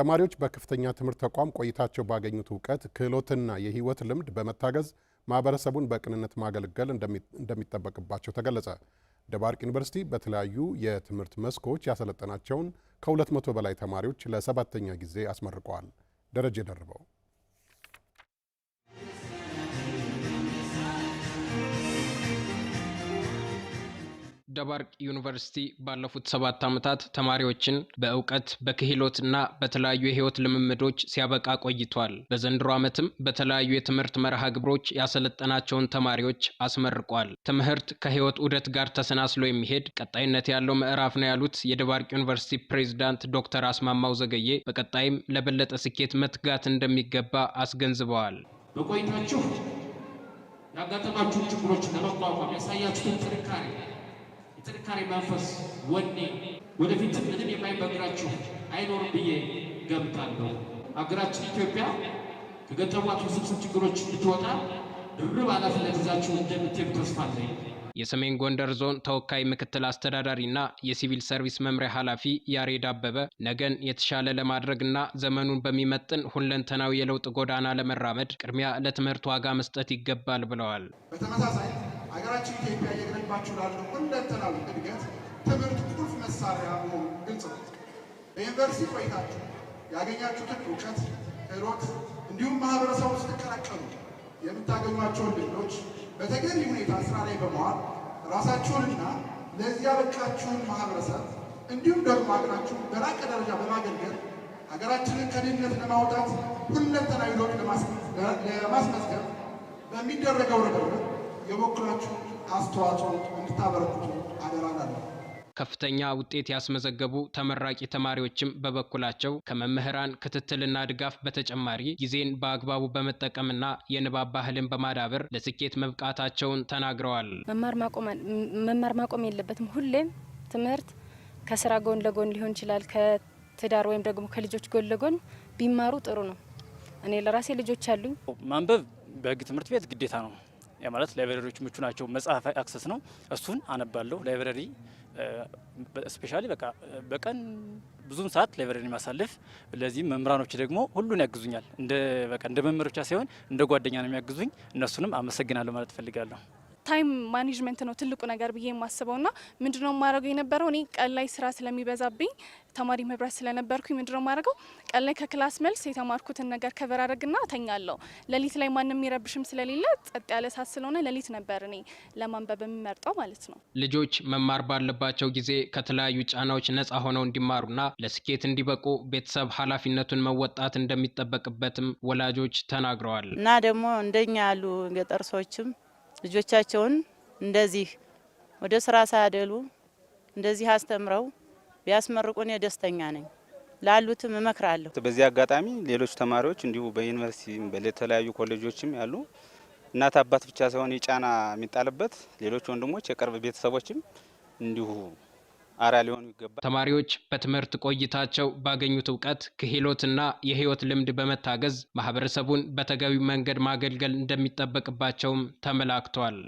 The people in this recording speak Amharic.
ተማሪዎች በከፍተኛ ትምህርት ተቋም ቆይታቸው ባገኙት እውቀት ክህሎትና የህይወት ልምድ በመታገዝ ማህበረሰቡን በቅንነት ማገልገል እንደሚጠበቅባቸው ተገለጸ። ደባርቅ ዩኒቨርሲቲ በተለያዩ የትምህርት መስኮች ያሰለጠናቸውን ከ መቶ በላይ ተማሪዎች ለሰባተኛ ጊዜ አስመርቀዋል። ደረጀ ደርበው ደባርቅ ዩኒቨርሲቲ ባለፉት ሰባት ዓመታት ተማሪዎችን በእውቀት በክህሎትና በተለያዩ የህይወት ልምምዶች ሲያበቃ ቆይቷል። በዘንድሮ ዓመትም በተለያዩ የትምህርት መርሃ ግብሮች ያሰለጠናቸውን ተማሪዎች አስመርቋል። ትምህርት ከህይወት ዑደት ጋር ተሰናስሎ የሚሄድ ቀጣይነት ያለው ምዕራፍ ነው ያሉት የደባርቅ ዩኒቨርሲቲ ፕሬዚዳንት ዶክተር አስማማው ዘገዬ በቀጣይም ለበለጠ ስኬት መትጋት እንደሚገባ አስገንዝበዋል። በቆይታችሁ ያጋጠማችሁን ችግሮች ለመቋቋም ያሳያችሁትን ጥንካሬ የጥንካሬ መንፈስ ወኔ፣ ወደፊትም ምንም የማይበግራችሁ አይኖርም ብዬ ገምታለሁ። አገራችን ኢትዮጵያ ከገጠሟት ውስብስብ ችግሮች እንድትወጣ ድርብ ኃላፊነት ይዛችሁ እንደምትሄዱ ተስፋ አለኝ። የሰሜን ጎንደር ዞን ተወካይ ምክትል አስተዳዳሪና የሲቪል ሰርቪስ መምሪያ ኃላፊ ያሬድ አበበ ነገን የተሻለ ለማድረግና ዘመኑን በሚመጥን ሁለንተናዊ የለውጥ ጎዳና ለመራመድ ቅድሚያ ለትምህርት ዋጋ መስጠት ይገባል ብለዋል። በተመሳሳይ ሀገራችን ኢትዮጵያ እየተገነባችሁ ላሉ ሁለንተናዊ እድገት ትምህርት ቁልፍ መሳሪያ መሆኑ ግልጽ ነው። በዩኒቨርሲቲ ቆይታችሁ ያገኛችሁትን እውቀት፣ ክህሎት እንዲሁም ማህበረሰቡ ስትቀላቀሉ የምታገኟቸውን ልጆች በተገቢ ሁኔታ ስራ ላይ በመዋል ራሳችሁንና ለዚህ ያበቃችሁን ማህበረሰብ እንዲሁም ደግሞ ሀገራችሁ በላቀ ደረጃ በማገልገል ሀገራችንን ከድህነት ለማውጣት ሁለንተናዊ ለውጥ ለማስመዝገብ በሚደረገው ርብርብ የበኩላችሁ አስተዋጽኦ እንድታበረክቱ አደራ ከፍተኛ ውጤት ያስመዘገቡ ተመራቂ ተማሪዎችም በበኩላቸው ከመምህራን ክትትልና ድጋፍ በተጨማሪ ጊዜን በአግባቡ በመጠቀምና የንባብ ባህልን በማዳበር ለስኬት መብቃታቸውን ተናግረዋል። መማር ማቆም የለበትም። ሁሌም ትምህርት ከስራ ጎን ለጎን ሊሆን ይችላል። ከትዳር ወይም ደግሞ ከልጆች ጎን ለጎን ቢማሩ ጥሩ ነው። እኔ ለራሴ ልጆች አሉኝ። ማንበብ በህግ ትምህርት ቤት ግዴታ ነው። ያ ማለት ላይብረሪዎች ምቹ ናቸው። መጽሐፍ አክሰስ ነው። እሱን አነባለሁ። ላይብረሪ ስፔሻሊ በቃ በቀን ብዙም ሰዓት ላይብረሪ ማሳለፍ። ለዚህ መምህራኖች ደግሞ ሁሉን ያግዙኛል። እንደ በቃ እንደ መምህር ብቻ ሳይሆን እንደ ጓደኛ ነው የሚያግዙኝ። እነሱንም አመሰግናለሁ ማለት እፈልጋለሁ። ታይም ማኔጅመንት ነው ትልቁ ነገር ብዬ የማስበው ና ምንድነው የማደርገው የነበረው እኔ ቀን ላይ ስራ ስለሚበዛብኝ ተማሪ መብረት ስለነበርኩኝ ምንድነው የማደርገው ቀን ላይ ከክላስ መልስ የተማርኩትን ነገር ከበር አድርግና ተኛለሁ። ሌሊት ላይ ማንም የሚረብሽም ስለሌለ ጸጥ ያለ ሳት ስለሆነ ሌሊት ነበር እኔ ለማንበብ የሚመርጠው ማለት ነው። ልጆች መማር ባለባቸው ጊዜ ከተለያዩ ጫናዎች ነፃ ሆነው እንዲማሩና ለስኬት እንዲበቁ ቤተሰብ ኃላፊነቱን መወጣት እንደሚጠበቅበትም ወላጆች ተናግረዋል እና ደግሞ እንደኛ ያሉ ገጠር ሰዎችም ልጆቻቸውን እንደዚህ ወደ ስራ ሳያደሉ እንደዚህ አስተምረው ቢያስመርቁን ደስተኛ ነኝ። ላሉትም እመክራለሁ። በዚህ አጋጣሚ ሌሎች ተማሪዎች እንዲሁ በዩኒቨርሲቲ በተለያዩ ኮሌጆችም ያሉ እናት አባት ብቻ ሳይሆን የጫና የሚጣልበት ሌሎች ወንድሞች የቅርብ ቤተሰቦችም እንዲሁ አራ ሊሆኑ ይገባል። ተማሪዎች በትምህርት ቆይታቸው ባገኙት እውቀት ክህሎትና የህይወት ልምድ በመታገዝ ማህበረሰቡን በተገቢው መንገድ ማገልገል እንደሚጠበቅባቸውም ተመላክቷል።